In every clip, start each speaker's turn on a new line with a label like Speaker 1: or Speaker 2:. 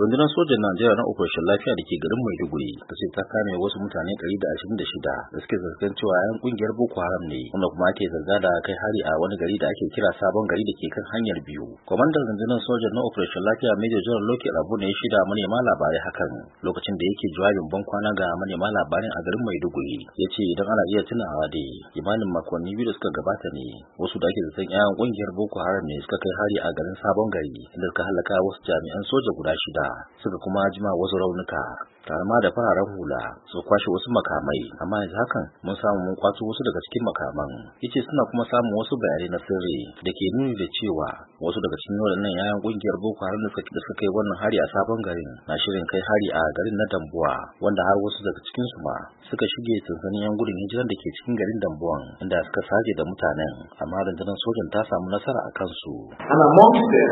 Speaker 1: rundunar sojan najeriya na operation lafiya da ke garin maiduguri ta ce ta kame wasu mutane 126 da ashirin da da suke zargin cewa yan kungiyar boko haram ne wanda kuma ake zarga da kai hari a wani gari da ake kira sabon gari da ke kan hanyar biyu kwamandan rundunar sojan na operation lafiya major general Loki, rabu ne shida manema labarai hakan lokacin da yake jawabin ban kwana ga manema labarin a garin maiduguri ya ce idan ana iya tunawa dai imanin makonni biyu da suka gabata ne wasu da ake zargin yan kungiyar boko haram ne suka kai hari a garin sabon gari inda suka halaka wasu jami'an soja guda shida suka kuma jima wasu raunuka tare ma da fararen hula su kwashe wasu makamai amma yanzu hakan mun samu mun kwato wasu daga cikin makaman yace suna kuma samun wasu bayanai na sirri da ke nuni da cewa wasu daga cikin waɗannan yayan kungiyar boko haram da suka kai wannan hari a sabon garin na shirin kai hari a garin na dambuwa wanda har wasu daga cikin su ma suka shige sansanin yan gudun hijiran da ke cikin garin dambuwan inda suka saje da mutanen amma rundunar sojan ta samu nasara a kansu.
Speaker 2: Ana amongst da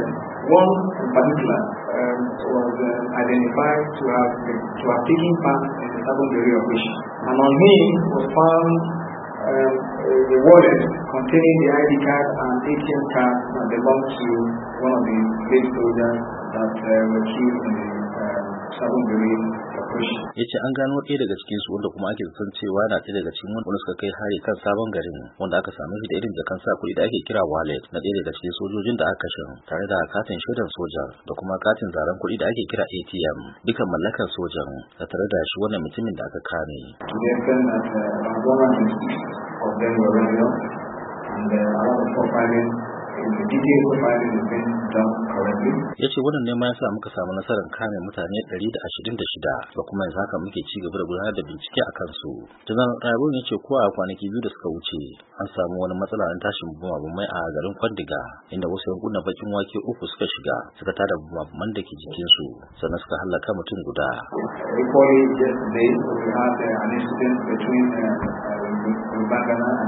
Speaker 2: one particular um, was uh, identified to have been who are taking part in the seventh degree of vision. And him was found um, a wallet containing the ID card and ATM card that belonged to one of the late soldiers that uh, were killed in the
Speaker 1: ya ce an gano ɗaya daga cikinsu wanda kuma ake san cewa na ɗaya daga cikin wanda suka kai hari kan sabon garin wanda aka same shi da irin jakan sa kuɗi da ake kira wallet na ɗaya daga cikin sojojin da aka kashe tare da katin shaidan soja da kuma katin zaren kuɗi da ake kira atm dukan mallakar sojan da tare da shi wannan mutumin da aka kame.
Speaker 2: And uh,
Speaker 1: Yace wannan nema ya sa muka samu nasarar kame mutane 126 da kuma yanzu haka muke ci gaba da gudanar da bincike a kansu tunan rabon ya ce ko a kwanaki biyu da suka wuce an samu wani matsala na tashin bumabumai a garin kwandiga inda wasu yankunan bakin wake uku suka shiga suka tada bumabuman da ke jikinsu sannan suka hallaka mutum guda.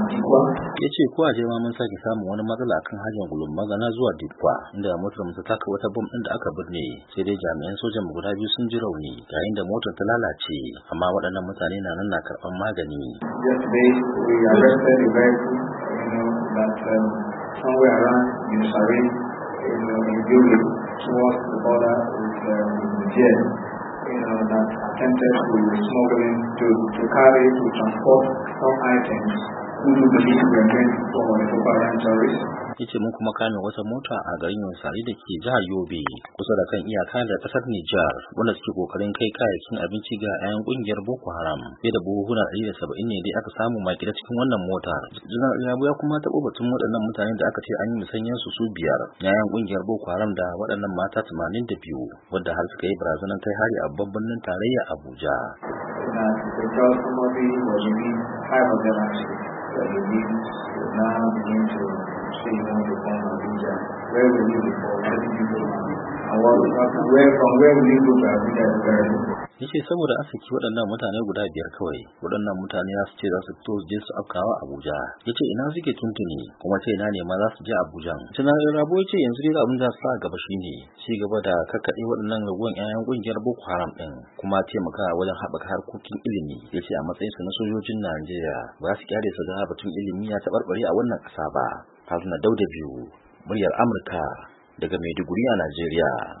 Speaker 2: ya
Speaker 1: ce ko a ma mun sake samun wani matsala kan hanyar magana zuwa dikwa inda motar mu ta taka wata bom din da aka birne sai dai jami'an sojan guda biyu sun ji rauni yayin da motar ta lalace amma waɗannan mutane na nan na karɓar magani
Speaker 2: you know, that attempted
Speaker 1: yace mun kuma kame wata mota a garin Yonsari da ke jihar Yobe kusa da kan iyaka da kasar Nijar wanda suke kokarin kai kayayyakin abinci ga 'yan kungiyar Boko Haram fiye da buhuhuna 170 ne dai aka samu makida cikin wannan mota Janar ya ya kuma taɓo batun waɗannan mutane da aka ce an yi musanyen su su biyar na 'yan kungiyar Boko Haram da waɗannan mata 82 wanda har suka yi barazanar kai hari a babban birnin tarayya Abuja.
Speaker 2: Na, that religions will now begin to see more the form of Where were you before? Where you go? And what, where from
Speaker 1: yace saboda an saki waɗannan mutane guda biyar kawai waɗannan mutane za su ce za su fito su je su afkawa abuja yace ina suke tuntuni kuma ce ina ne ma za su je abuja tunanin rabo yace yanzu dai abin su sa gaba shi ne. ci gaba da kakkaɗe waɗannan raguwan 'ya'yan ƙungiyar boko haram ɗin kuma taimakawa wajen haɓaka harkokin ilimi yace a su na sojojin najeriya ba su kyale su ga batun ilimi ya taɓarɓare a wannan ƙasa ba haruna dauda biyu muryar amurka daga maiduguri a najeriya